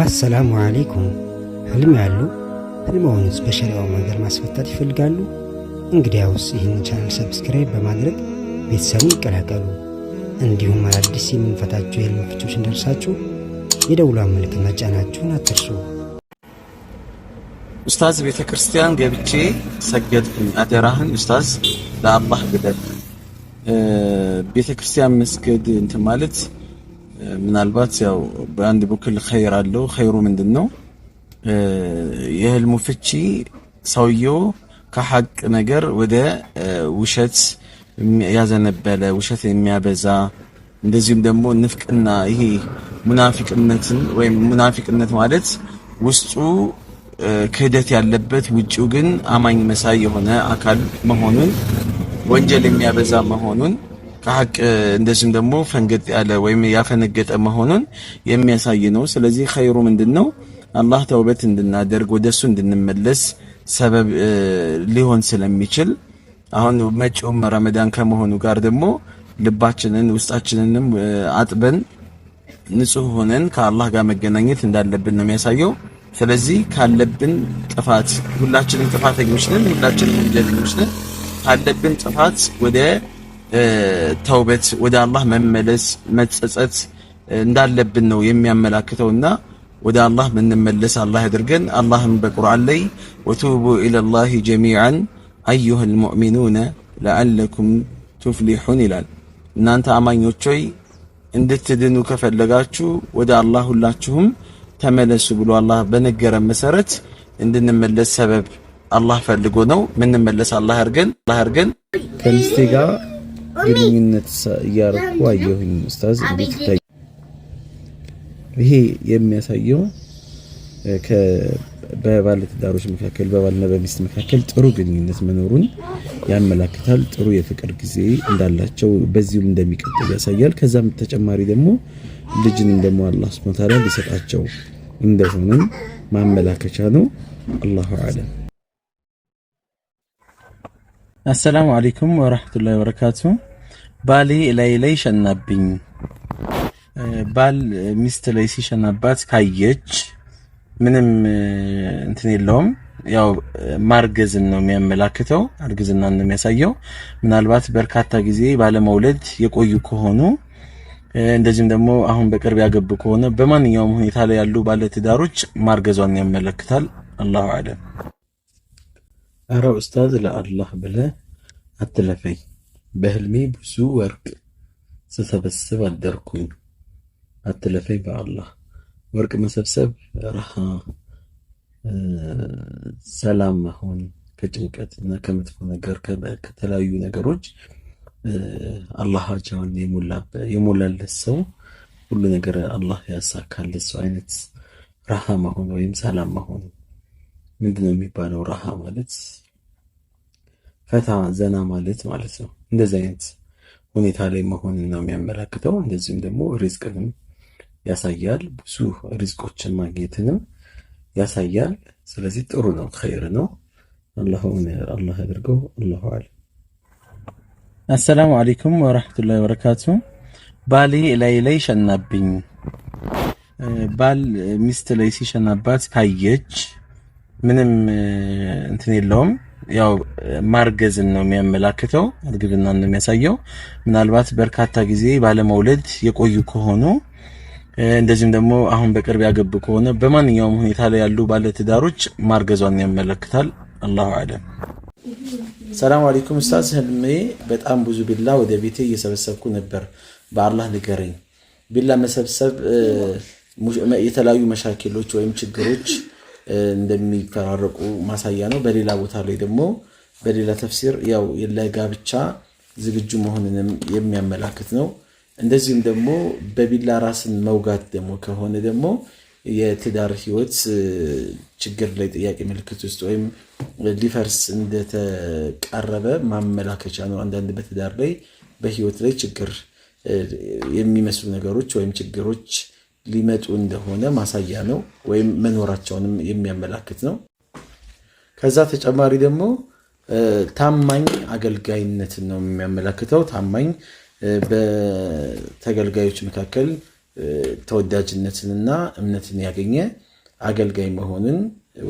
አሰላሙ አሌይኩም። ህልም ያሉ ህልማውንስ በሸሪያው መንገድ ማስፈታት ይፈልጋሉ? እንግዲያውስ ይህን ቻናል ሰብስክራይብ በማድረግ ቤተሰቡን ይቀላቀሉ። እንዲሁም አዳዲስ የምንፈታቸው የህልም ፍቾች እንደርሳችሁ የደውሉ ምልክት መጫናችሁን አትርሱ። ኡስታዝ ቤተ ክርስቲያን ገብቼ ሰገድኩኝ። አደራህን ኡስታዝ ለአላህ ግደል ቤተ ክርስቲያን መስገድ እንትን ማለት ምናልባት ያው በአንድ በኩል ኸይር አለው። ኸይሩ ምንድን ነው? የህልሙ ፍቺ ሰውየው ከሐቅ ነገር ወደ ውሸት ያዘነበለ ውሸት የሚያበዛ እንደዚሁም ደግሞ ንፍቅና ይሄ ሙናፊቅነትን ወይም ሙናፊቅነት ማለት ውስጡ ክህደት ያለበት ውጪው ግን አማኝ መሳይ የሆነ አካል መሆኑን ወንጀል የሚያበዛ መሆኑን ከሀቅ እንደዚህም ደግሞ ፈንገጥ ያለ ወይም ያፈነገጠ መሆኑን የሚያሳይ ነው። ስለዚህ ኸይሩ ምንድን ነው? አላህ ተውበት እንድናደርግ ወደሱ እንድንመለስ ሰበብ ሊሆን ስለሚችል አሁን መጪውም ረመዳን ከመሆኑ ጋር ደግሞ ልባችንን ውስጣችንንም አጥበን ንጹህ ሆነን ከአላህ ጋር መገናኘት እንዳለብን ነው የሚያሳየው። ስለዚህ ካለብን ጥፋት ሁላችንም ጥፋተኞች ነን፣ ሁላችንም ወንጀለኞች ነን። ካለብን ጥፋት ወደ ተውበት ወደ አላህ መመለስ መጸጸት እንዳለብን ነው የሚያመላክተውና ወደ አላህ ምንመለስ አላህ ያድርገን። አላህም በቁርአን ላይ ወቱቡ ኢለላሂ ጀሚዓን አዩሃል ሙእሚኑነ ለአለኩም ቱፍሊሑን ይላል። እናንተ አማኞች ሆይ እንድትድኑ ከፈለጋችሁ ወደ አላህ ሁላችሁም ተመለሱ ብሎ አላህ በነገረ መሰረት እንድንመለስ ሰበብ አላህ ፈልጎ ነው። ምንመለስ አላህ ያድርገን። ከሚስቴ ጋር ግንኙነት እያረኩ አየሁኝ። ኡስታዝ ይሄ የሚያሳየው በባለትዳሮች መካከል በባልና በሚስት መካከል ጥሩ ግንኙነት መኖሩን ያመላክታል። ጥሩ የፍቅር ጊዜ እንዳላቸው በዚሁም እንደሚቀጥል ያሳያል። ከዛም ተጨማሪ ደግሞ ልጅንም ደግሞ አላህ ሱብሃነሁ ወተዓላ ሊሰጣቸው እንደሆነም ማመላከቻ ነው። አላሁ አለም አሰላሙ አለይኩም ወራህመቱላሂ ወበረካቱ። ባሌ ላይ ላይ ሸናብኝ። ባል ሚስት ላይ ሲሸናባት ካየች ምንም እንትን የለውም። ያው ማርገዝን ነው የሚያመላክተው፣ እርግዝናን ነው የሚያሳየው። ምናልባት በርካታ ጊዜ ባለመውለድ የቆዩ ከሆኑ እንደዚሁም ደግሞ አሁን በቅርብ ያገቡ ከሆነ በማንኛውም ሁኔታ ላይ ያሉ ባለትዳሮች ማርገዟን ያመለክታል። አላሁ አለም አረ ኡስታዝ ለአላህ ብለ አትለፈኝ በህልሜ ብዙ ወርቅ ስሰበስብ አደርኩኝ አትለፈኝ በአላህ ወርቅ መሰብሰብ ረሃ ሰላም መሆን ከጭንቀት እና ከመጥፎ ነገር ከተለያዩ ነገሮች አላህ አጃውን የሞላለት ሰው ሁሉ ነገር አላህ ያሳካለት ሰው አይነት ረሃ መሆን ወይም ሰላም መሆን ምንድን ነው የሚባለው? ረሃ ማለት ፈታ ዘና ማለት ማለት ነው። እንደዚህ አይነት ሁኔታ ላይ መሆንን ነው የሚያመላክተው። እንደዚሁም ደግሞ ሪዝቅንም ያሳያል። ብዙ ሪዝቆችን ማግኘትንም ያሳያል። ስለዚህ ጥሩ ነው፣ ኸይር ነው። አላሁን አላህ አድርገው። አላሁ አለ። አሰላሙ አለይኩም ወራህመቱላሂ ወበረካቱ። ባሌ ላይ ላይ ሸናብኝ። ባል ሚስት ላይ ሲሸናባት ካየች ምንም እንትን የለውም። ያው ማርገዝን ነው የሚያመላክተው፣ እርግዝናን ነው የሚያሳየው። ምናልባት በርካታ ጊዜ ባለመውለድ የቆዩ ከሆኑ እንደዚሁም ደግሞ አሁን በቅርብ ያገቡ ከሆነ በማንኛውም ሁኔታ ላይ ያሉ ባለትዳሮች ማርገዟን ያመለክታል። አላሁ አለም። ሰላም አለይኩም ኡስታዝ። ህልሜ በጣም ብዙ ቢላ ወደ ቤቴ እየሰበሰብኩ ነበር። በአላህ ንገረኝ፣ ቢላ መሰብሰብ የተለያዩ መሻኪሎች ወይም ችግሮች እንደሚፈራረቁ ማሳያ ነው። በሌላ ቦታ ላይ ደግሞ በሌላ ተፍሲር ያው ለጋብቻ ዝግጁ መሆንንም የሚያመላክት ነው። እንደዚሁም ደግሞ በቢላ ራስን መውጋት ደግሞ ከሆነ ደግሞ የትዳር ህይወት ችግር ላይ ጥያቄ ምልክት ውስጥ ወይም ሊፈርስ እንደተቃረበ ማመላከቻ ነው። አንዳንድ በትዳር ላይ በህይወት ላይ ችግር የሚመስሉ ነገሮች ወይም ችግሮች ሊመጡ እንደሆነ ማሳያ ነው፣ ወይም መኖራቸውንም የሚያመላክት ነው። ከዛ ተጨማሪ ደግሞ ታማኝ አገልጋይነትን ነው የሚያመላክተው። ታማኝ በተገልጋዮች መካከል ተወዳጅነትንና እምነትን ያገኘ አገልጋይ መሆንን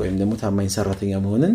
ወይም ደግሞ ታማኝ ሰራተኛ መሆንን